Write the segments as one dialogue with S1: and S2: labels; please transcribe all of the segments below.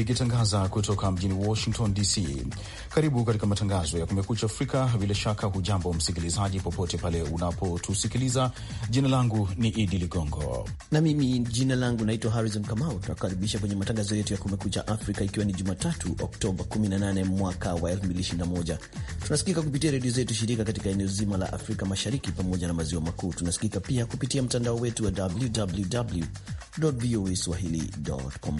S1: ikitangaza kutoka mjini Washington DC. Karibu katika matangazo ya Kumekucha Afrika. Bila shaka, hujambo msikilizaji, popote pale unapotusikiliza. Jina langu ni Idi Ligongo
S2: na mimi jina langu naitwa Harrison Kamau. Tunakaribisha kwenye matangazo yetu ya Kumekucha Afrika, ikiwa ni Jumatatu Oktoba 18 mwaka wa 2021. Tunasikika kupitia redio zetu shirika katika eneo zima la Afrika Mashariki pamoja na maziwa makuu. Tunasikika pia kupitia mtandao wetu wa www voa swahili.com.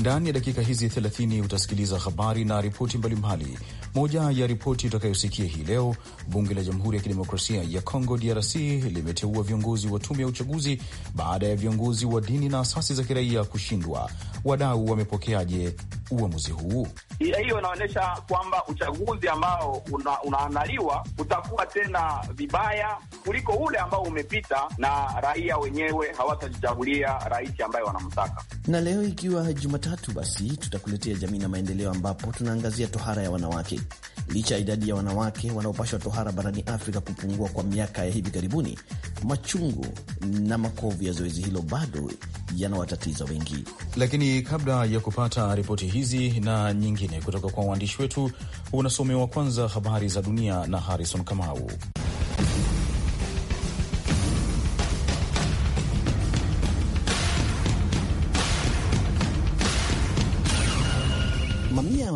S1: Ndani ya dakika hizi 30 utasikiliza habari na ripoti mbalimbali moja ya ripoti utakayosikia hii leo, bunge la Jamhuri ya Kidemokrasia ya Kongo DRC limeteua viongozi wa tume ya uchaguzi baada ya viongozi wa dini na asasi za kiraia kushindwa. Wadau wamepokeaje uamuzi huu?
S3: Hiyo inaonyesha kwamba uchaguzi
S4: ambao una, unaandaliwa utakuwa tena vibaya kuliko ule ambao umepita, na raia wenyewe hawatajichagulia rais ambaye wanamtaka.
S2: Na leo ikiwa Jumatatu, basi tutakuletea jamii na maendeleo, ambapo tunaangazia tohara ya wanawake. Licha ya idadi ya wanawake wanaopashwa tohara barani Afrika kupungua kwa miaka ya hivi karibuni, machungu na makovu ya zoezi hilo bado yanawatatiza wengi.
S1: Lakini kabla ya kupata ripoti hizi na nyingine kutoka kwa waandishi wetu, unasomewa kwanza habari za dunia na Harrison Kamau.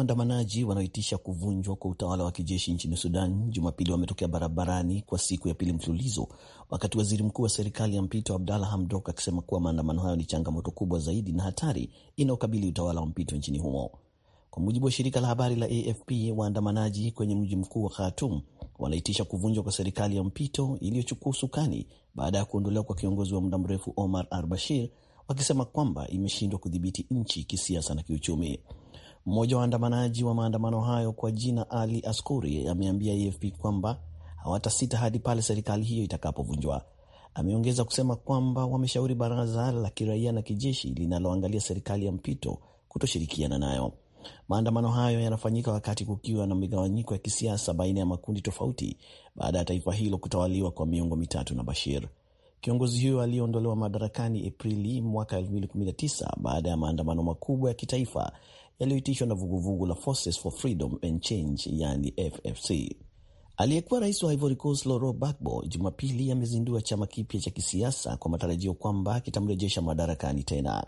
S2: waandamanaji wanaoitisha kuvunjwa kwa utawala wa kijeshi nchini Sudan Jumapili wametokea barabarani kwa siku ya pili mfululizo, wakati waziri mkuu wa serikali ya mpito Abdalla Hamdok akisema kuwa maandamano hayo ni changamoto kubwa zaidi na hatari inayokabili utawala wa mpito nchini humo. Kwa mujibu wa shirika la habari la AFP, waandamanaji kwenye mji mkuu wa Khartoum wanaitisha kuvunjwa kwa serikali ya mpito iliyochukua usukani baada ya kuondolewa kwa kiongozi wa muda mrefu Omar al-Bashir, wakisema kwamba imeshindwa kudhibiti nchi kisiasa na kiuchumi. Mmoja wa waandamanaji wa maandamano hayo kwa jina Ali Askuri ameambia AFP kwamba hawatasita hadi pale serikali hiyo itakapovunjwa. Ameongeza kusema kwamba wameshauri baraza la kiraia na kijeshi linaloangalia serikali ya mpito kutoshirikiana nayo. Maandamano hayo yanafanyika wakati kukiwa na migawanyiko ya kisiasa baina ya makundi tofauti baada ya taifa hilo kutawaliwa kwa miongo mitatu na Bashir. Kiongozi huyo aliyeondolewa madarakani Aprili mwaka 2019 baada ya maandamano makubwa ya kitaifa yaliyoitishwa na vuguvugu la Forces for Freedom and Change, yani FFC. Aliyekuwa rais wa Ivory Coast Laurent Gbagbo Jumapili amezindua chama kipya cha kisiasa kwa matarajio kwamba kitamrejesha madarakani tena.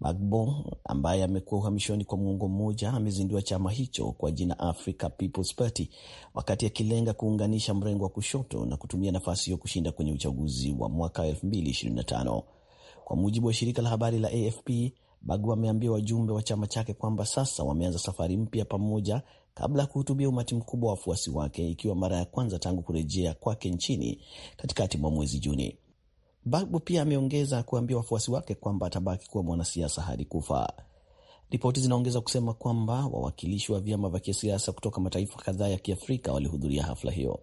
S2: Gbagbo ambaye amekuwa uhamishoni kwa muongo mmoja amezindua chama hicho kwa jina Africa People's Party wakati akilenga kuunganisha mrengo wa kushoto na kutumia nafasi hiyo kushinda kwenye uchaguzi wa mwaka 2025. Kwa mujibu wa shirika la habari la AFP, Bagbo ameambia wajumbe wa chama chake kwamba sasa wameanza safari mpya pamoja kabla ya kuhutubia umati mkubwa wa wafuasi wake, ikiwa mara ya kwanza tangu kurejea kwake nchini katikati mwa mwezi Juni. Bagbo pia ameongeza kuambia wafuasi wake kwamba atabaki kuwa mwanasiasa hadi kufa. Ripoti zinaongeza kusema kwamba wawakilishi wa vyama vya kisiasa kutoka mataifa kadhaa ya Kiafrika walihudhuria hafla hiyo.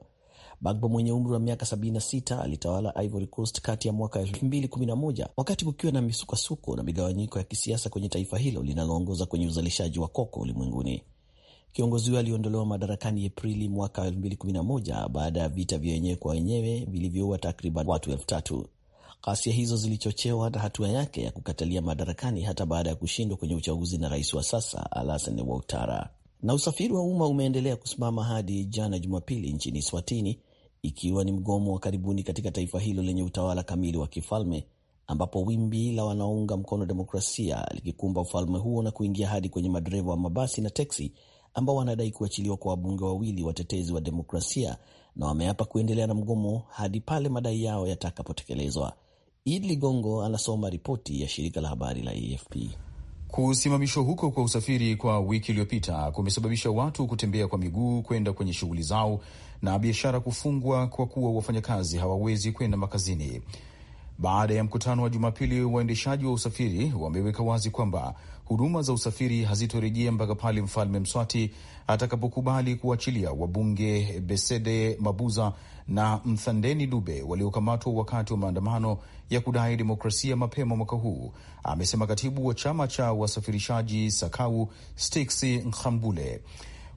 S2: Bagbo mwenye umri wa miaka 76 alitawala Ivory Coast kati ya mwaka 2011 wakati kukiwa na misukosuko na migawanyiko ya kisiasa kwenye taifa hilo linaloongoza kwenye uzalishaji wa koko ulimwenguni. Kiongozi huyo aliondolewa madarakani Aprili mwaka 2011 baada ya vita vya wenyewe kwa wenyewe vilivyoua takriban watu elfu tatu. Ghasia hizo zilichochewa na hatua yake ya kukatalia madarakani hata baada ya kushindwa kwenye uchaguzi na rais wa sasa Alassane Ouattara. Na usafiri wa umma umeendelea kusimama hadi jana Jumapili nchini Swatini, ikiwa ni mgomo wa karibuni katika taifa hilo lenye utawala kamili wa kifalme, ambapo wimbi la wanaounga mkono demokrasia likikumba ufalme huo na kuingia hadi kwenye madereva wa mabasi na teksi ambao wanadai kuachiliwa kwa wabunge wawili watetezi wa demokrasia na wameapa kuendelea na mgomo hadi pale madai yao yatakapotekelezwa. Id Ligongo anasoma ripoti ya shirika la habari la AFP.
S1: Kusimamishwa huko kwa usafiri kwa wiki iliyopita kumesababisha watu kutembea kwa miguu kwenda kwenye shughuli zao na biashara kufungwa kwa kuwa wafanyakazi hawawezi kwenda makazini. Baada ya mkutano wa Jumapili, waendeshaji wa usafiri wameweka wazi kwamba huduma za usafiri hazitorejea mpaka pale Mfalme Mswati atakapokubali kuachilia wabunge Besede Mabuza na Mthandeni Dube waliokamatwa wakati wa maandamano ya kudai demokrasia mapema mwaka huu, amesema katibu wa chama cha wasafirishaji Sakau Stiksi nhambule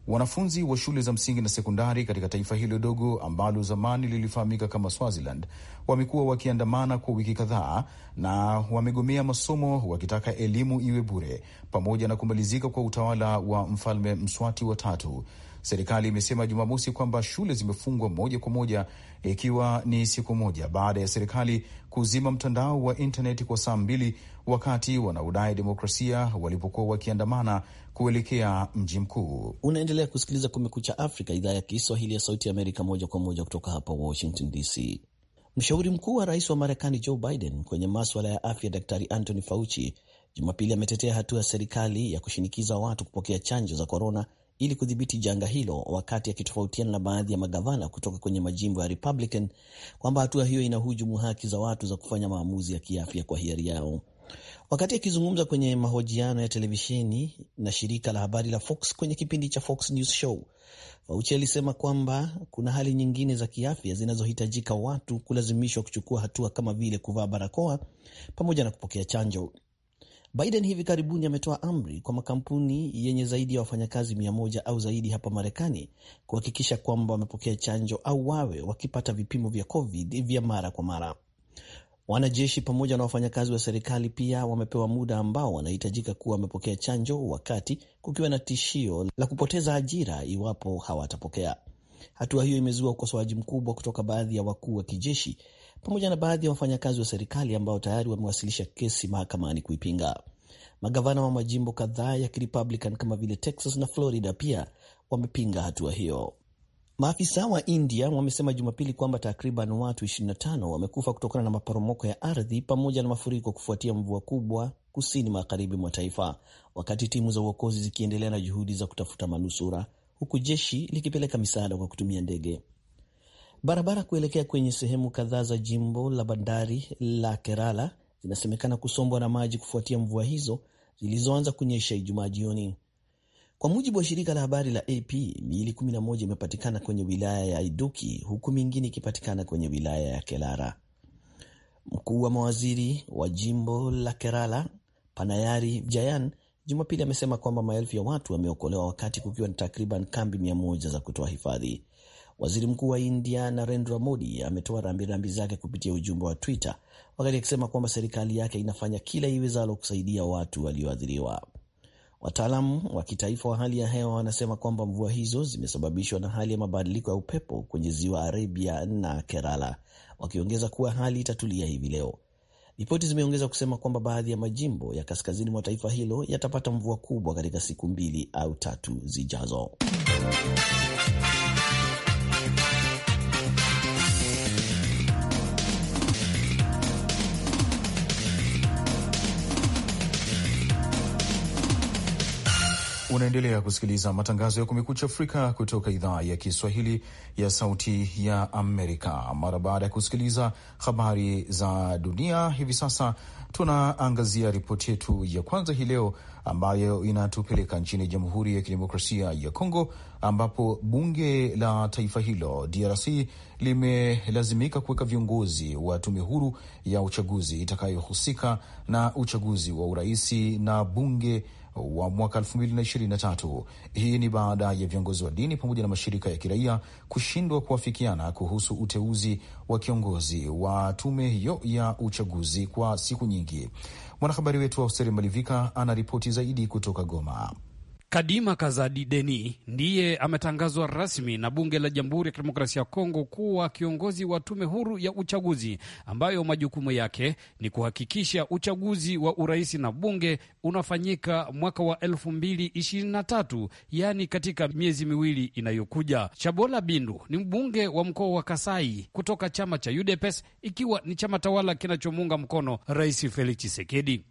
S1: Wanafunzi wa shule za msingi na sekondari katika taifa hilo dogo ambalo zamani lilifahamika kama Swaziland wamekuwa wakiandamana kwa wiki kadhaa na wamegomea masomo wakitaka elimu iwe bure pamoja na kumalizika kwa utawala wa Mfalme Mswati wa tatu. Serikali imesema Jumamosi kwamba shule zimefungwa moja kwa moja, ikiwa ni siku moja baada ya serikali kuzima mtandao wa intaneti kwa saa mbili, wakati wanaodai demokrasia
S2: walipokuwa wakiandamana kuelekea mji mkuu. Unaendelea kusikiliza Kumekucha Afrika, idhaa ya Kiswahili ya Sauti ya Amerika, moja kwa moja kutoka hapa Washington DC. Mshauri mkuu wa rais wa Marekani Joe Biden kwenye maswala ya afya, Daktari Anthony Fauci Jumapili ametetea hatua ya serikali ya kushinikiza watu kupokea chanjo za korona ili kudhibiti janga hilo, wakati akitofautiana na baadhi ya magavana kutoka kwenye majimbo ya Republican kwamba hatua hiyo inahujumu haki za watu za kufanya maamuzi ya kiafya kwa hiari yao. Wakati akizungumza kwenye mahojiano ya televisheni na shirika la habari la Fox kwenye kipindi cha Fox News Show, Fauci alisema kwamba kuna hali nyingine za kiafya zinazohitajika watu kulazimishwa kuchukua hatua kama vile kuvaa barakoa pamoja na kupokea chanjo. Biden hivi karibuni ametoa amri kwa makampuni yenye zaidi ya wafanyakazi mia moja au zaidi hapa Marekani kuhakikisha kwamba wamepokea chanjo au wawe wakipata vipimo vya COVID vya mara kwa mara. Wanajeshi pamoja na wafanyakazi wa serikali pia wamepewa muda ambao wanahitajika kuwa wamepokea chanjo, wakati kukiwa na tishio la kupoteza ajira iwapo hawatapokea. Hatua hiyo imezua ukosoaji mkubwa kutoka baadhi ya wakuu wa kijeshi pamoja na baadhi ya wafanyakazi wa serikali ambao tayari wamewasilisha kesi mahakamani kuipinga. Magavana wa majimbo kadhaa ya Kirepublican kama vile Texas na Florida pia wamepinga hatua hiyo. Maafisa wa India wamesema Jumapili kwamba takriban watu 25 wamekufa kutokana na maporomoko ya ardhi pamoja na mafuriko kufuatia mvua kubwa kusini magharibi mwa taifa, wakati timu za uokozi zikiendelea na juhudi za kutafuta manusura, huku jeshi likipeleka misaada kwa kutumia ndege. Barabara kuelekea kwenye sehemu kadhaa za jimbo la bandari la Kerala zinasemekana kusombwa na maji kufuatia mvua hizo zilizoanza kunyesha Ijumaa jioni. Kwa mujibu wa shirika la habari la AP, miili 11 imepatikana kwenye wilaya ya Iduki huku mingine ikipatikana kwenye wilaya ya Kelara. Mkuu wa mawaziri wa jimbo la Kerala Panayari Jayan Jumapili amesema kwamba maelfu ya watu wameokolewa wakati kukiwa na takriban kambi 1 za kutoa hifadhi. Waziri Mkuu wa India Narendra Modi ametoa rambirambi zake kupitia ujumbe wa Twitter wakati akisema kwamba serikali yake inafanya kila iwezalo kusaidia watu walioathiriwa. Wataalamu wa kitaifa wa hali ya hewa wanasema kwamba mvua hizo zimesababishwa na hali ya mabadiliko ya upepo kwenye ziwa Arabia na Kerala, wakiongeza kuwa hali itatulia hivi leo. Ripoti zimeongeza kusema kwamba baadhi ya majimbo ya kaskazini mwa taifa hilo yatapata mvua kubwa katika siku mbili au tatu zijazo.
S1: Unaendelea kusikiliza matangazo ya Kumekucha Afrika kutoka idhaa ya Kiswahili ya Sauti ya Amerika. Mara baada ya kusikiliza habari za dunia, hivi sasa tunaangazia ripoti yetu ya kwanza hii leo, ambayo inatupeleka nchini Jamhuri ya Kidemokrasia ya Kongo, ambapo bunge la taifa hilo DRC limelazimika kuweka viongozi wa tume huru ya uchaguzi itakayohusika na uchaguzi wa uraisi na bunge wa mwaka 2023. Hii ni baada ya viongozi wa dini pamoja na mashirika ya kiraia kushindwa kuafikiana kuhusu uteuzi wa kiongozi wa tume hiyo ya uchaguzi kwa siku nyingi. Mwanahabari wetu Austeri Malivika anaripoti
S4: zaidi kutoka Goma. Kadima Kazadi Deni ndiye ametangazwa rasmi na bunge la Jamhuri ya Kidemokrasia ya Kongo kuwa kiongozi wa tume huru ya uchaguzi ambayo majukumu yake ni kuhakikisha uchaguzi wa urais na bunge unafanyika mwaka wa 2023 yaani katika miezi miwili inayokuja. Chabola Bindu ni mbunge wa mkoa wa Kasai kutoka chama cha UDPS, ikiwa ni chama tawala kinachomuunga mkono Rais Felix Chisekedi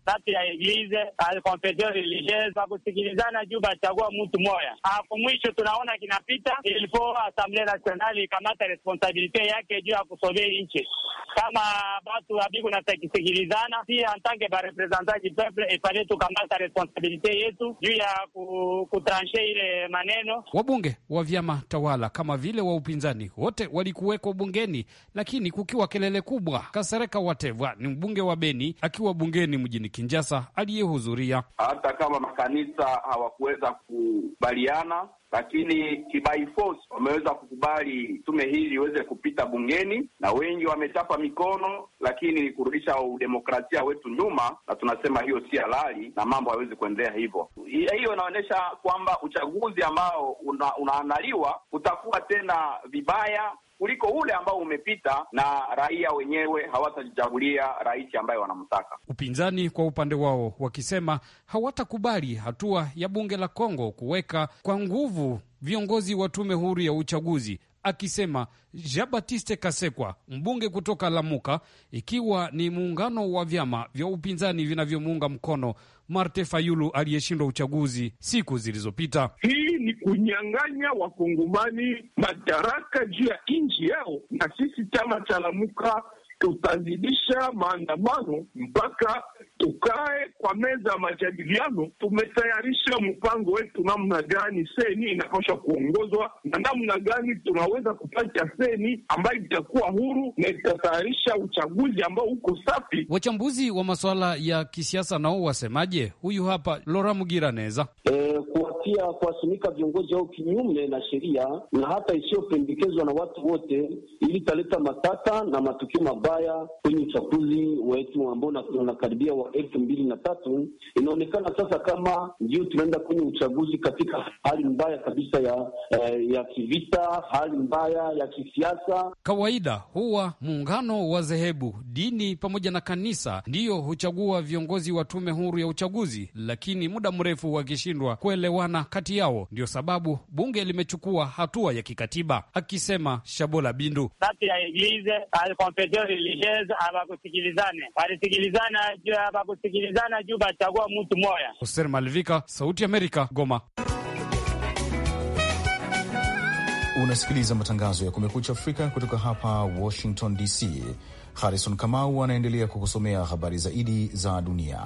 S4: kwamba achagua mtu moya. hapo mwisho tunaona kinapita ilipo Asamble Nasionali ikamata responsabilite yake juu ya kusobea nchi kama batu abiku natakisikilizana si antange barepresentanti peple ifale tukamata responsabilite yetu juu ya kutranshe ile maneno. Wabunge wa vyama tawala kama vile wa upinzani wote walikuwekwa bungeni, lakini kukiwa kelele kubwa. Kasereka Wateva ni mbunge wa Beni akiwa bungeni mjini Kinjasa aliyehudhuria hata kama makanisa hawakuwe wameweza kukubaliana, lakini kibai force wameweza kukubali tume hili iweze kupita bungeni, na wengi wametapa mikono, lakini ni kurudisha udemokrasia wetu nyuma, na tunasema hiyo si halali na mambo hayawezi kuendelea hivyo. Hiyo inaonyesha kwamba uchaguzi ambao una, unaandaliwa utakuwa tena vibaya kuliko ule ambao umepita, na raia wenyewe hawatajichagulia rais ambaye wanamtaka. Upinzani kwa upande wao wakisema hawatakubali hatua ya bunge la Kongo kuweka kwa nguvu viongozi wa tume huru ya uchaguzi akisema Jean-Baptiste Kasekwa, mbunge kutoka Lamuka, ikiwa ni muungano wa vyama vya upinzani vinavyomuunga mkono Marte Fayulu aliyeshindwa uchaguzi siku zilizopita.
S3: Hii ni kunyang'anya
S4: wakongomani madaraka juu ya nchi yao, na sisi chama cha Lamuka
S5: tutazidisha maandamano mpaka tukae kwa meza ya majadiliano. Tumetayarisha mpango wetu namna gani seni inapasha kuongozwa na
S4: namna gani tunaweza kupata seni ambayo itakuwa huru na itatayarisha uchaguzi ambao uko safi. Wachambuzi wa masuala ya kisiasa nao wasemaje? Huyu hapa Lora Mugiraneza. E, kuwatia kuwasimika viongozi au kinyume na sheria na hata isiyopendekezwa na watu wote, ili italeta matata na matukio mabaya mbaya kwenye uchaguzi wetu ambao unakaribia wa elfu mbili na tatu. Inaonekana sasa kama ndio tunaenda kwenye uchaguzi katika hali mbaya kabisa ya, eh, ya kivita, hali mbaya ya kisiasa. Kawaida huwa muungano wa dhehebu, dini pamoja na kanisa ndiyo huchagua viongozi wa tume huru ya uchaguzi, lakini muda mrefu wakishindwa kuelewana kati yao, ndio sababu bunge limechukua hatua ya kikatiba, akisema Shabola Bindu tulieleze abakusikilizane walisikilizana abakusikilizana juu bachagua mtu moya. Hussein Malvika, Sauti ya Amerika, Goma.
S1: Unasikiliza matangazo ya Kumekucha Afrika kutoka hapa Washington DC. Harrison Kamau anaendelea kukusomea habari zaidi za dunia.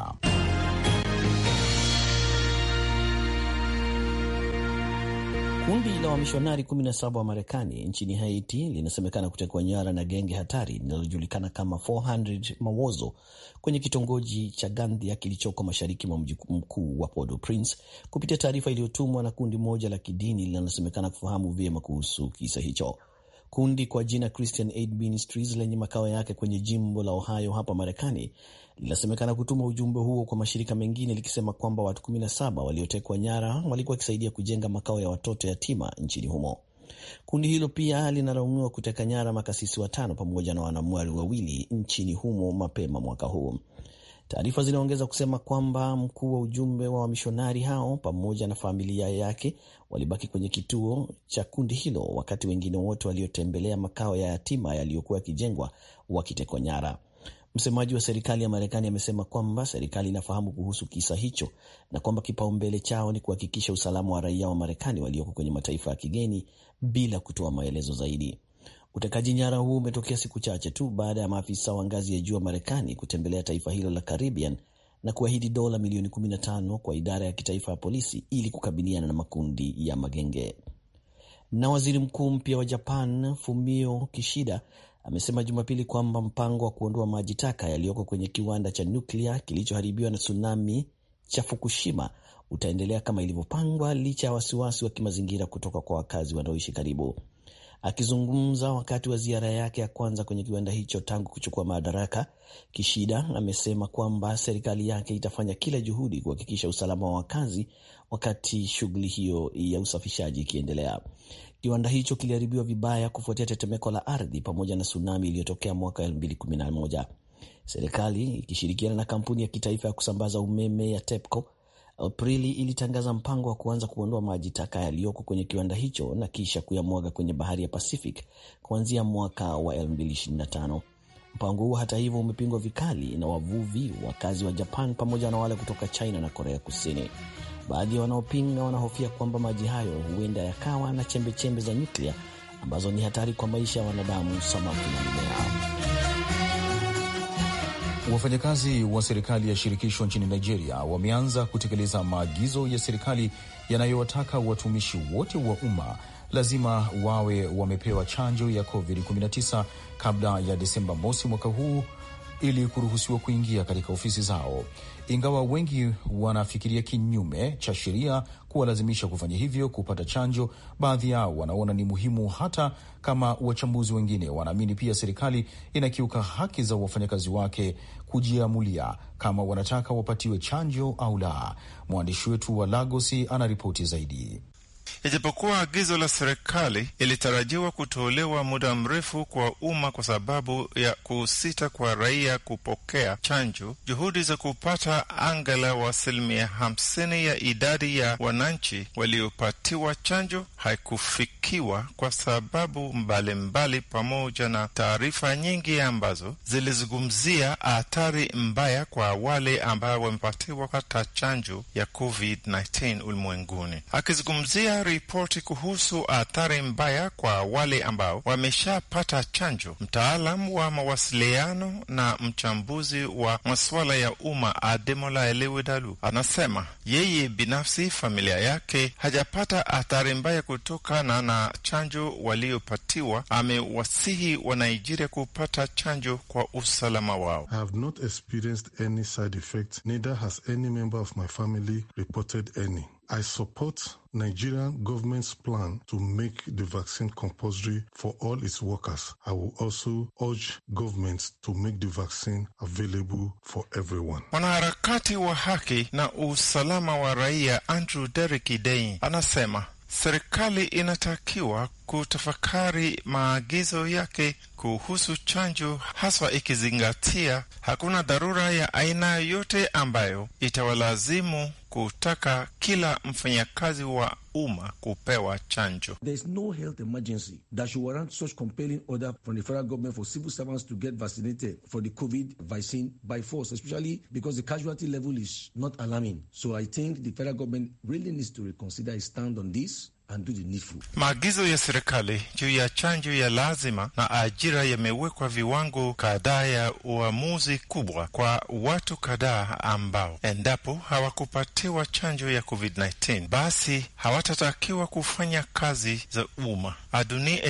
S2: Kundi la wamishonari 17 wa Marekani nchini Haiti linasemekana kutekwa nyara na genge hatari linalojulikana kama 400 Mawozo kwenye kitongoji cha Gandhia kilichoko mashariki mwa mji mkuu wa Podo prince kupitia taarifa iliyotumwa na kundi moja la kidini linalosemekana kufahamu vyema kuhusu kisa hicho. Kundi kwa jina Christian Aid Ministries lenye makao yake kwenye jimbo la Ohio hapa Marekani linasemekana kutuma ujumbe huo kwa mashirika mengine likisema kwamba watu 17 waliotekwa nyara walikuwa wakisaidia kujenga makao ya watoto yatima nchini humo. Kundi hilo pia linalaumiwa kuteka nyara makasisi watano pamoja na wanamwali wawili nchini humo mapema mwaka huu. Taarifa zinaongeza kusema kwamba mkuu wa ujumbe wa wamishonari hao pamoja na familia yake walibaki kwenye kituo cha kundi hilo, wakati wengine wote waliotembelea makao ya yatima yaliyokuwa yakijengwa wakitekwa nyara. Msemaji wa serikali ya Marekani amesema kwamba serikali inafahamu kuhusu kisa hicho na kwamba kipaumbele chao ni kuhakikisha usalama wa raia wa Marekani walioko kwenye mataifa ya kigeni, bila kutoa maelezo zaidi. Utekaji nyara huu umetokea siku chache tu baada ya maafisa wa ngazi ya juu wa Marekani kutembelea taifa hilo la Caribbean na kuahidi dola milioni 15 kwa idara ya kitaifa ya polisi ili kukabiliana na makundi ya magenge. Na waziri mkuu mpya wa Japan Fumio Kishida amesema Jumapili kwamba mpango wa kuondoa maji taka yaliyoko kwenye kiwanda cha nyuklia kilichoharibiwa na tsunami cha Fukushima utaendelea kama ilivyopangwa licha ya wasiwasi wa kimazingira kutoka kwa wakazi wanaoishi karibu. Akizungumza wakati wa ziara yake ya kwanza kwenye kiwanda hicho tangu kuchukua madaraka, Kishida amesema kwamba serikali yake itafanya kila juhudi kuhakikisha usalama wa wakazi wakati shughuli hiyo ya usafishaji ikiendelea. Kiwanda hicho kiliharibiwa vibaya kufuatia tetemeko la ardhi pamoja na tsunami iliyotokea mwaka 2011. Serikali ikishirikiana na kampuni ya kitaifa ya kusambaza umeme ya TEPCO Aprili ilitangaza mpango wa kuanza kuondoa maji taka yaliyoko kwenye kiwanda hicho na kisha kuyamwaga kwenye bahari ya Pacific kuanzia mwaka wa 2025. Mpango huo hata hivyo umepingwa vikali na wavuvi, wakazi wa Japan pamoja na wale kutoka China na Korea Kusini. Baadhi ya wanaopinga wanahofia kwamba maji hayo huenda yakawa na chembechembe za nyuklia ambazo ni hatari kwa maisha ya wanadamu, samaki na mimea.
S1: Wafanyakazi wa serikali ya shirikisho nchini Nigeria wameanza kutekeleza maagizo ya serikali yanayowataka watumishi wote wa umma lazima wawe wamepewa chanjo ya COVID-19 kabla ya Desemba mosi mwaka huu ili kuruhusiwa kuingia katika ofisi zao ingawa wengi wanafikiria kinyume cha sheria kuwalazimisha kufanya hivyo kupata chanjo. Baadhi yao wanaona ni muhimu, hata kama wachambuzi wengine wanaamini pia serikali inakiuka haki za wafanyakazi wake kujiamulia kama wanataka wapatiwe chanjo au la. Mwandishi wetu wa Lagosi anaripoti zaidi.
S3: Ijapokuwa agizo la serikali ilitarajiwa kutolewa muda mrefu kwa umma kwa sababu ya kusita kwa raia kupokea chanjo, juhudi za kupata angalau asilimia hamsini ya idadi ya wananchi waliopatiwa chanjo haikufikiwa kwa sababu mbalimbali mbali, pamoja na taarifa nyingi ambazo zilizungumzia hatari mbaya kwa wale ambao wamepatiwa hata chanjo ya COVID-19 ulimwenguni. Akizungumzia ripoti kuhusu athari mbaya kwa wale ambao wameshapata chanjo. Mtaalamu wa mawasiliano na mchambuzi wa masuala ya umma Ademola Elewedalu anasema yeye binafsi, familia yake hajapata athari mbaya kutokana na chanjo waliopatiwa. Amewasihi wa Nigeria kupata chanjo kwa usalama wao.
S5: I have not experienced any side effect, neither has any member of my family reported any. I support Nigerian government's plan to make the vaccine compulsory for all its workers. I will also urge governments to make the vaccine available for everyone.
S3: Mwanaharakati wa haki na usalama wa raia Andrew Derrick Dei anasema serikali inatakiwa kutafakari maagizo yake kuhusu chanjo, haswa ikizingatia hakuna dharura ya aina yoyote ambayo itawalazimu kutaka kila mfanyakazi wa umma kupewa chanjo. There is no health
S2: emergency that should warrant such compelling order from the federal government for civil servants to get vaccinated for the COVID vaccine by force, especially because the casualty level is not alarming. So I think the federal government really needs to reconsider its stand on this
S3: Maagizo ya serikali juu ya chanjo ya lazima na ajira yamewekwa viwango kadhaa ya uamuzi kubwa kwa watu kadhaa ambao endapo hawakupatiwa chanjo ya COVID-19 basi hawatatakiwa kufanya kazi za umma. Adunia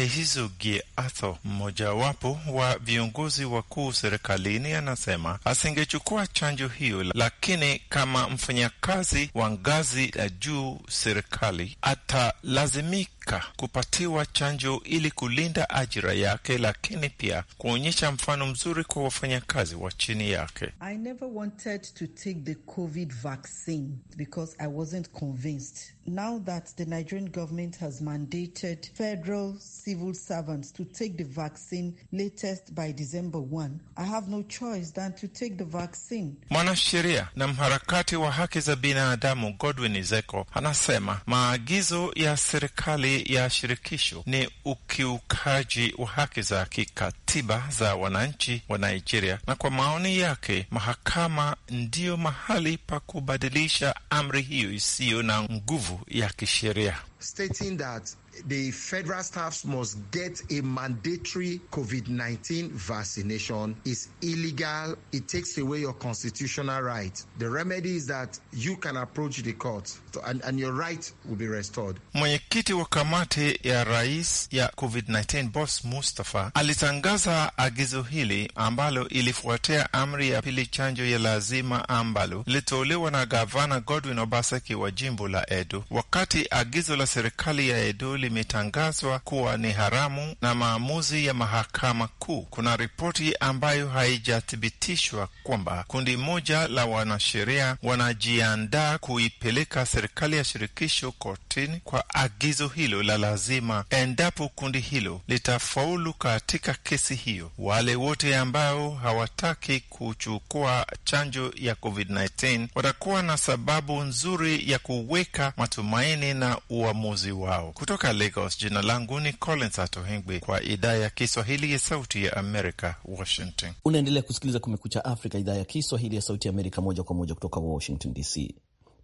S3: Gie Atho, mmojawapo wa viongozi wakuu serikalini, anasema asingechukua chanjo hiyo, lakini kama mfanyakazi wa ngazi ya juu serikali ata Lazemik. kutaka kupatiwa chanjo ili kulinda ajira yake, lakini pia kuonyesha mfano mzuri kwa wafanyakazi wa chini yake. I never wanted to take the COVID vaccine because I wasn't convinced. Now that the Nigerian government has mandated federal civil servants to take the vaccine latest by December 1, I have no choice than to take the vaccine. Mwanasheria na mharakati wa haki za binadamu Godwin Zeko anasema maagizo ya serikali ya shirikisho ni ukiukaji wa haki za kikatiba za wananchi wa Nigeria, na kwa maoni yake mahakama ndiyo mahali pa kubadilisha amri hiyo isiyo na nguvu ya kisheria. Stating that the federal staffs must get a mandatory COVID 19 vaccination. It's illegal. It takes away your constitutional right. The remedy is that you can approach the court and, and your right will be restored. Mwenyekiti wa kamati ya rais ya COVID-19 Boss Mustafa alitangaza agizo hili ambalo ilifuatia amri ya pili chanjo ya lazima ambalo litolewa na gavana Godwin Obaseki wa jimbo la Edo, wakati agizo la serikali ya Edo limetangazwa kuwa ni haramu na maamuzi ya mahakama kuu. Kuna ripoti ambayo haijathibitishwa kwamba kundi moja la wanasheria wanajiandaa kuipeleka serikali ya shirikisho kortini kwa agizo hilo la lazima, endapo kundi hilo litafaulu katika kesi hiyo. Wale wote ambao hawataki kuchukua chanjo ya COVID-19 watakuwa na sababu nzuri ya kuweka matumaini na uamuzi wao kutoka kutoka Lagos. Jina langu ni Collins Atohengwi kwa idhaa ya Kiswahili ya Sauti ya Amerika, Washington.
S2: Unaendelea kusikiliza Kumekucha Afrika, idhaa ya Kiswahili ya Sauti ya Amerika, moja kwa moja kutoka Washington DC.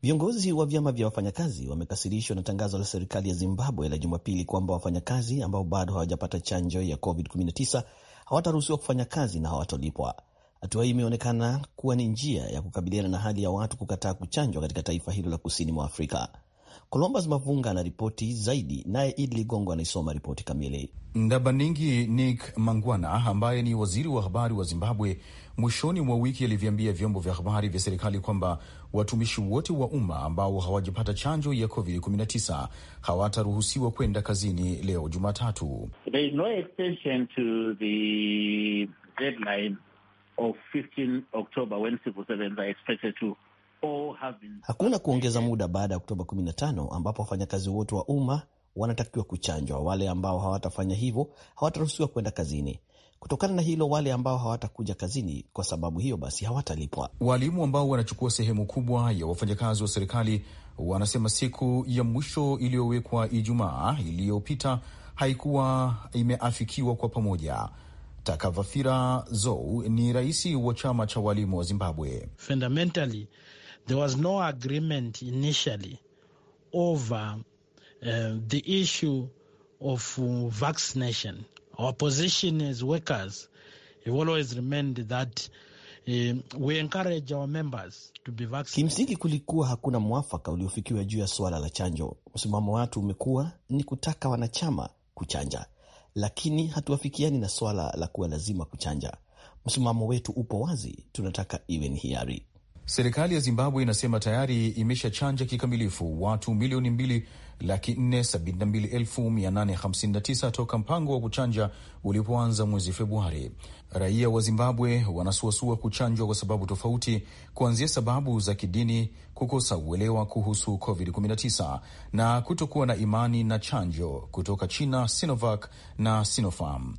S2: Viongozi wa vyama vya wafanyakazi wamekasirishwa na tangazo la serikali ya Zimbabwe la Jumapili kwamba wafanyakazi ambao bado hawajapata chanjo ya COVID-19 hawataruhusiwa kufanya kazi na hawatolipwa. Hatua hii imeonekana kuwa ni njia ya kukabiliana na hali ya watu kukataa kuchanjwa katika taifa hilo la kusini mwa Afrika. Columbus Mavunga anaripoti zaidi, naye Idi Ligongo anaisoma ripoti kamili.
S1: Ndabaningi Nick Mangwana ambaye ni waziri wa habari wa Zimbabwe mwishoni mwa wiki aliviambia vyombo vya habari vya serikali kwamba watumishi wote wa umma ambao hawajapata chanjo ya COVID-19 hawataruhusiwa kwenda kazini leo Jumatatu.
S4: There is
S3: no
S2: Hakuna kuongeza muda baada ya Oktoba 15 ambapo wafanyakazi wote wa umma wanatakiwa kuchanjwa. Wale ambao hawatafanya hivyo hawataruhusiwa kwenda kazini. Kutokana na hilo, wale ambao hawatakuja kazini kwa sababu hiyo, basi hawatalipwa.
S1: Waalimu ambao wanachukua sehemu kubwa ya wafanyakazi wa serikali wanasema siku ya mwisho iliyowekwa Ijumaa iliyopita haikuwa imeafikiwa kwa pamoja. Takavafira Zou ni rais wa chama cha walimu wa Zimbabwe. Fundamentally There was no agreement initially over uh, the issue of uh,
S2: vaccination. Our position as workers have always remained that uh, we encourage our members to be vaccinated. Kimsingi kulikuwa hakuna mwafaka uliofikiwa juu ya suala la chanjo. Msimamo watu umekuwa ni kutaka wanachama kuchanja, lakini hatuafikiani na swala la kuwa lazima kuchanja. Msimamo wetu upo wazi, tunataka iwe ni hiari.
S1: Serikali ya Zimbabwe inasema
S2: tayari imeshachanja
S1: kikamilifu watu milioni mbili laki nne sabini na mbili elfu mia nane hamsini na tisa toka mpango wa kuchanja ulipoanza mwezi Februari. Raia wa Zimbabwe wanasuasua kuchanjwa kwa sababu tofauti, kuanzia sababu za kidini, kukosa uelewa kuhusu COVID-19 na kutokuwa na imani na chanjo kutoka China, Sinovac na Sinopharm.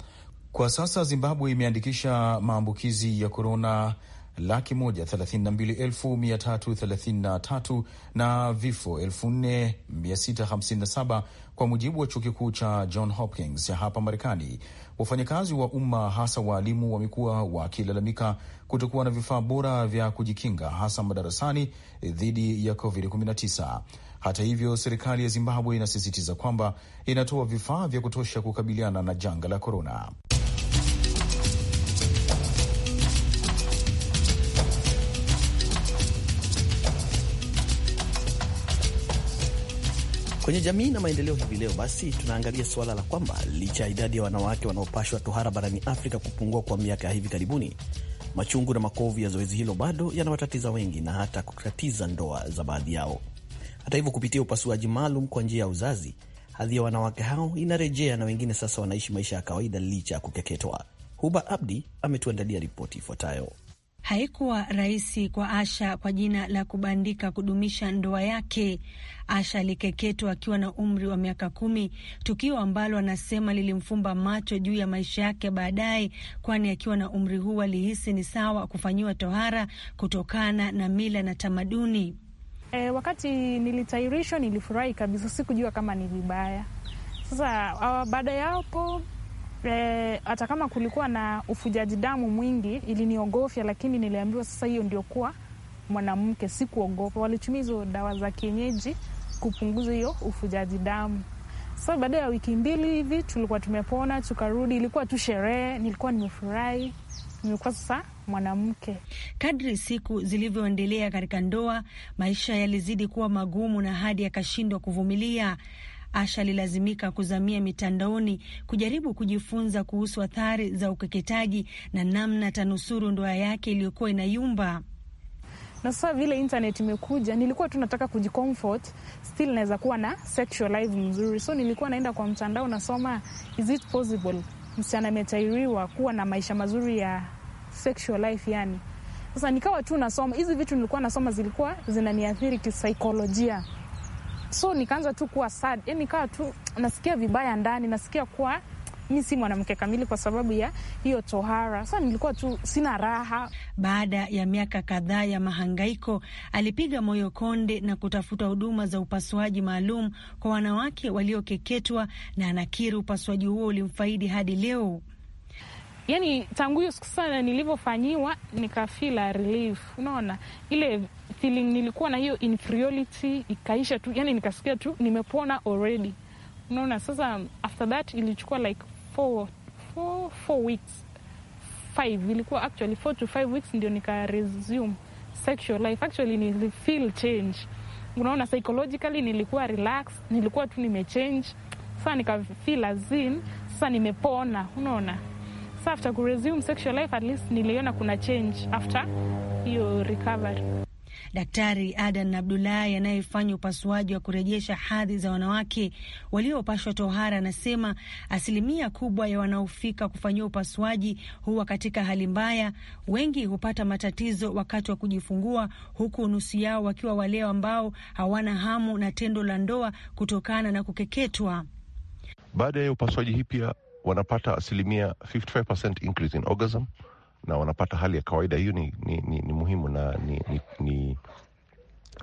S1: Kwa sasa Zimbabwe imeandikisha maambukizi ya korona laki moja thelathini na mbili elfu mia tatu thelathini na tatu na vifo elfu nne mia sita hamsini na saba kwa mujibu wa chuo kikuu cha John Hopkins ya hapa Marekani. Wafanyakazi wa umma hasa waalimu wamekuwa wakilalamika kutokuwa na vifaa bora vya kujikinga hasa madarasani dhidi ya COVID-19. Hata hivyo, serikali ya Zimbabwe inasisitiza kwamba inatoa vifaa vya kutosha kukabiliana na janga la korona.
S2: Kwenye jamii na maendeleo hivi leo, basi tunaangalia suala la kwamba licha ya idadi ya wanawake wanaopashwa tohara barani Afrika kupungua kwa miaka ya hivi karibuni, machungu na makovu ya zoezi hilo bado yanawatatiza wengi na hata kutatiza ndoa za baadhi yao. Hata hivyo, kupitia upasuaji maalum kwa njia ya uzazi, hadhi ya wanawake hao inarejea na wengine sasa wanaishi maisha ya kawaida licha ya kukeketwa. Huba Abdi ametuandalia ripoti ifuatayo
S6: haikuwa rahisi kwa Asha kwa jina la kubandika kudumisha ndoa yake. Asha alikeketwa akiwa na umri wa miaka kumi, tukio ambalo anasema lilimfumba macho juu ya maisha yake baadaye, kwani akiwa na umri huu alihisi ni sawa kufanyiwa tohara kutokana na mila na tamaduni. E, wakati
S7: nilitairishwa nilifurahi kabisa, sikujua kama ni vibaya.
S6: Sasa ah, baada
S7: ya hapo Eh, hata e, kama kulikuwa na ufujaji damu mwingi iliniogofya, lakini niliambiwa sasa hiyo ndio kuwa mwanamke. Sikuogopa, walitumia hizo dawa za kienyeji kupunguza hiyo ufujaji damu. so, baada ya wiki mbili hivi tulikuwa tumepona, tukarudi. Ilikuwa tu sherehe, nilikuwa nimefurahi, nimekuwa sasa
S6: mwanamke. Kadri siku zilivyoendelea katika ndoa, maisha yalizidi kuwa magumu na hadi akashindwa kuvumilia. Asha alilazimika kuzamia mitandaoni kujaribu kujifunza kuhusu athari za ukeketaji na namna tanusuru ndoa yake iliyokuwa inayumba.
S7: Na sasa vile internet imekuja, nilikuwa tu nataka kujicomfort, still naweza kuwa na sexual life mzuri, so nilikuwa naenda kwa mtandao nasoma, is it possible msichana ametairiwa kuwa na maisha mazuri ya sexual life yani. Sasa nikawa tu nasoma hizi vitu, nilikuwa nasoma zilikuwa zinaniathiri kisaikolojia. So nikaanza tu kuwa sad, yani nikawa tu nasikia vibaya ndani, nasikia kuwa mi si mwanamke kamili kwa sababu ya hiyo tohara. Sasa nilikuwa tu sina raha.
S6: Baada ya miaka kadhaa ya mahangaiko, alipiga moyo konde na kutafuta huduma za upasuaji maalum kwa wanawake waliokeketwa, na anakiri upasuaji huo ulimfaidi hadi leo.
S7: Yani tangu hiyo siku sana nilivyofanyiwa, nikafila relief, unaona ile feeling nilikuwa na hiyo inferiority ikaisha tu, yani nikasikia tu nimepona already, unaona. Sasa after that ilichukua like four, four, four weeks five, ilikuwa actually four to five weeks ndio nika resume sexual life. Actually nili feel change, unaona, psychologically nilikuwa relax, nilikuwa tu nimechange. Sasa nika feel as in sasa nimepona, unaona. Sasa after kuresume sexual life at least niliona kuna
S6: change after hiyo recovery. Daktari Adan Abdulahi anayefanya upasuaji wa kurejesha hadhi za wanawake waliopashwa tohara anasema asilimia kubwa ya wanaofika kufanyia upasuaji huwa katika hali mbaya. Wengi hupata matatizo wakati wa kujifungua, huku nusu yao wakiwa wale ambao hawana hamu na tendo la ndoa kutokana na kukeketwa.
S5: Baada ya upasuaji hii pia wanapata asilimia 55% increase in orgasm na wanapata hali ya kawaida. Hiyo ni, ni, ni, ni muhimu na ni, ni, ni,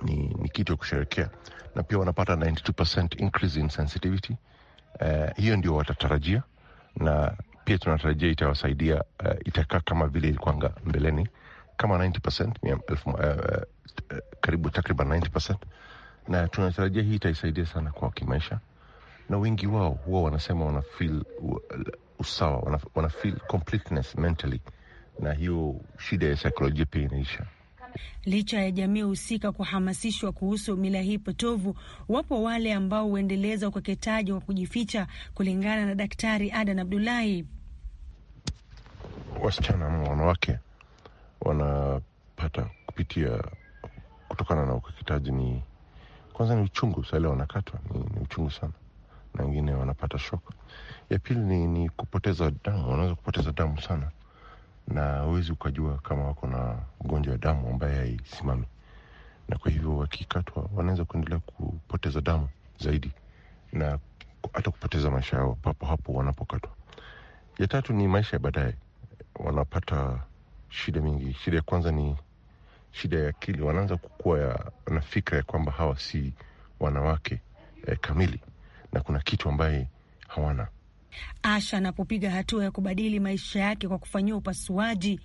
S5: ni, ni kitu ya kusherekea, na pia wanapata 92% increase in sensitivity. Uh, hiyo ndio watatarajia, na pia tunatarajia itawasaidia. Uh, itakaa kama vile ilikwanga mbeleni kama 90%, mia, elfu, uh, uh, karibu takriban 90%, na tunatarajia hii itaisaidia sana kwa kimaisha, na wengi wao huwa wanasema wanafeel uh, usawa, wanafeel completeness mentally na hiyo shida ya saikolojia pia inaisha.
S6: Licha ya jamii husika kuhamasishwa kuhusu mila hii potovu, wapo wale ambao huendeleza ukeketaji wa kujificha. Kulingana na Daktari Adan Abdulahi,
S5: wasichana ama wanawake wanapata kupitia kutokana na ukeketaji ni kwanza, ni uchungu sale, wanakatwa ni, ni uchungu sana, na wengine wanapata shok Ya pili ni, ni kupoteza damu, wanaweza kupoteza damu sana na huwezi ukajua kama wako na ugonjwa wa damu ambaye haisimami, na kwa hivyo wakikatwa wanaweza kuendelea kupoteza damu zaidi na hata kupoteza maisha yao papo hapo wanapokatwa. Ya tatu ni maisha ya baadaye, wanapata shida mingi. Shida ya kwanza ni shida ya akili, wanaanza kukua na fikra ya kwamba hawa si wanawake eh, kamili na kuna kitu ambaye hawana
S6: Asha anapopiga hatua ya kubadili maisha yake kwa kufanyiwa upasuaji.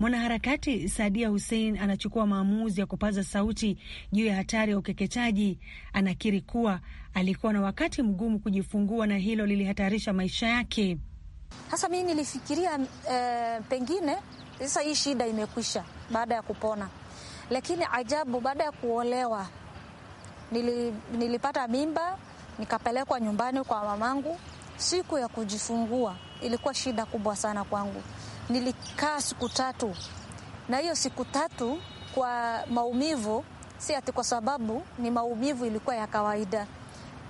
S6: Mwanaharakati Sadia Hussein anachukua maamuzi ya kupaza sauti juu ya hatari ya ukeketaji. Anakiri kuwa alikuwa na wakati mgumu kujifungua na hilo lilihatarisha maisha yake.
S8: Sasa mi nilifikiria e, pengine sasa hii shida imekwisha baada ya kupona, lakini ajabu, baada ya kuolewa nilipata mimba nikapelekwa nyumbani kwa mamangu siku ya kujifungua ilikuwa shida kubwa sana kwangu. Nilikaa siku tatu, na hiyo siku tatu kwa maumivu, si ati kwa sababu ni maumivu, ilikuwa ya kawaida.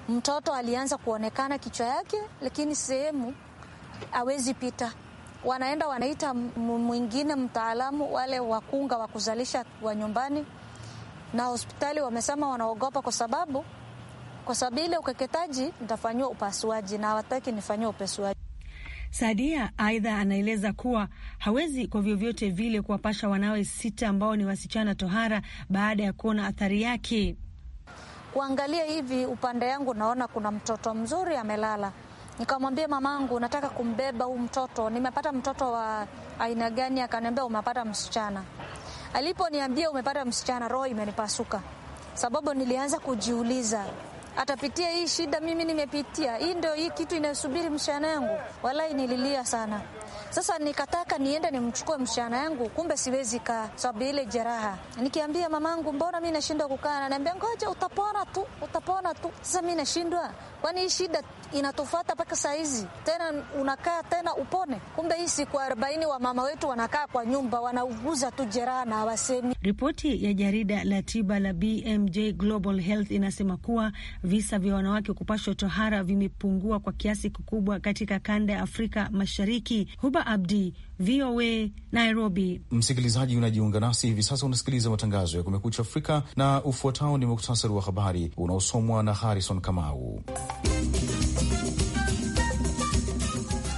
S8: Mtoto alianza kuonekana kichwa yake, lakini sehemu awezi pita. Wanaenda wanaita mwingine mtaalamu, wale wakunga wa kuzalisha wa nyumbani, na hospitali wamesema wanaogopa kwa sababu kwa sababu ile ukeketaji nitafanyiwa upasuaji na hawataki nifanyiwa
S6: upasuaji. Sadia aidha anaeleza kuwa hawezi kwa vyovyote vile kuwapasha wanawe sita ambao ni wasichana tohara baada ya kuona athari yake.
S8: Kuangalia hivi upande yangu, naona kuna mtoto mzuri amelala, nikamwambia mamangu, nataka kumbeba huu mtoto, nimepata mtoto wa aina gani? Akaniambia umepata msichana. Aliponiambia umepata msichana, roho imenipasuka, sababu nilianza kujiuliza atapitia hii shida, mimi nimepitia hii, ndio hii kitu inayosubiri mshana yangu. Walai nililia sana. Sasa nikataka niende nimchukue mshana yangu, kumbe siwezi kaa sababu ile jeraha. Nikiambia mamangu, mbona mi nashindwa kukaa? Ananiambia ngoja, utapona tu, utapona tu. Sasa mi nashindwa kwani hii shida inatufata mpaka saa hizi tena, unakaa tena upone? Kumbe hii siku arobaini mama wetu wanakaa kwa nyumba, wanauguza
S6: tu jeraha na hawasemi. Ripoti ya jarida la tiba la BMJ Global Health inasema kuwa visa vya wanawake kupashwa tohara vimepungua kwa kiasi kikubwa katika kanda ya Afrika Mashariki. Huba Abdi, VOA Nairobi.
S1: Msikilizaji unajiunga nasi hivi sasa, unasikiliza matangazo ya Kumekucha Afrika na ufuatao ni muktasari wa habari
S2: unaosomwa na Harrison Kamau.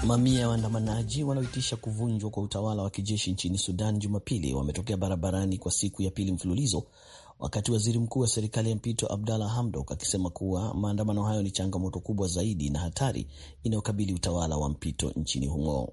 S2: Mamia ya waandamanaji wanaoitisha kuvunjwa kwa utawala wa kijeshi nchini Sudan Jumapili wametokea barabarani kwa siku ya pili mfululizo, wakati waziri mkuu wa serikali ya mpito Abdalla Hamdok akisema kuwa maandamano hayo ni changamoto kubwa zaidi na hatari inayokabili utawala wa mpito nchini humo.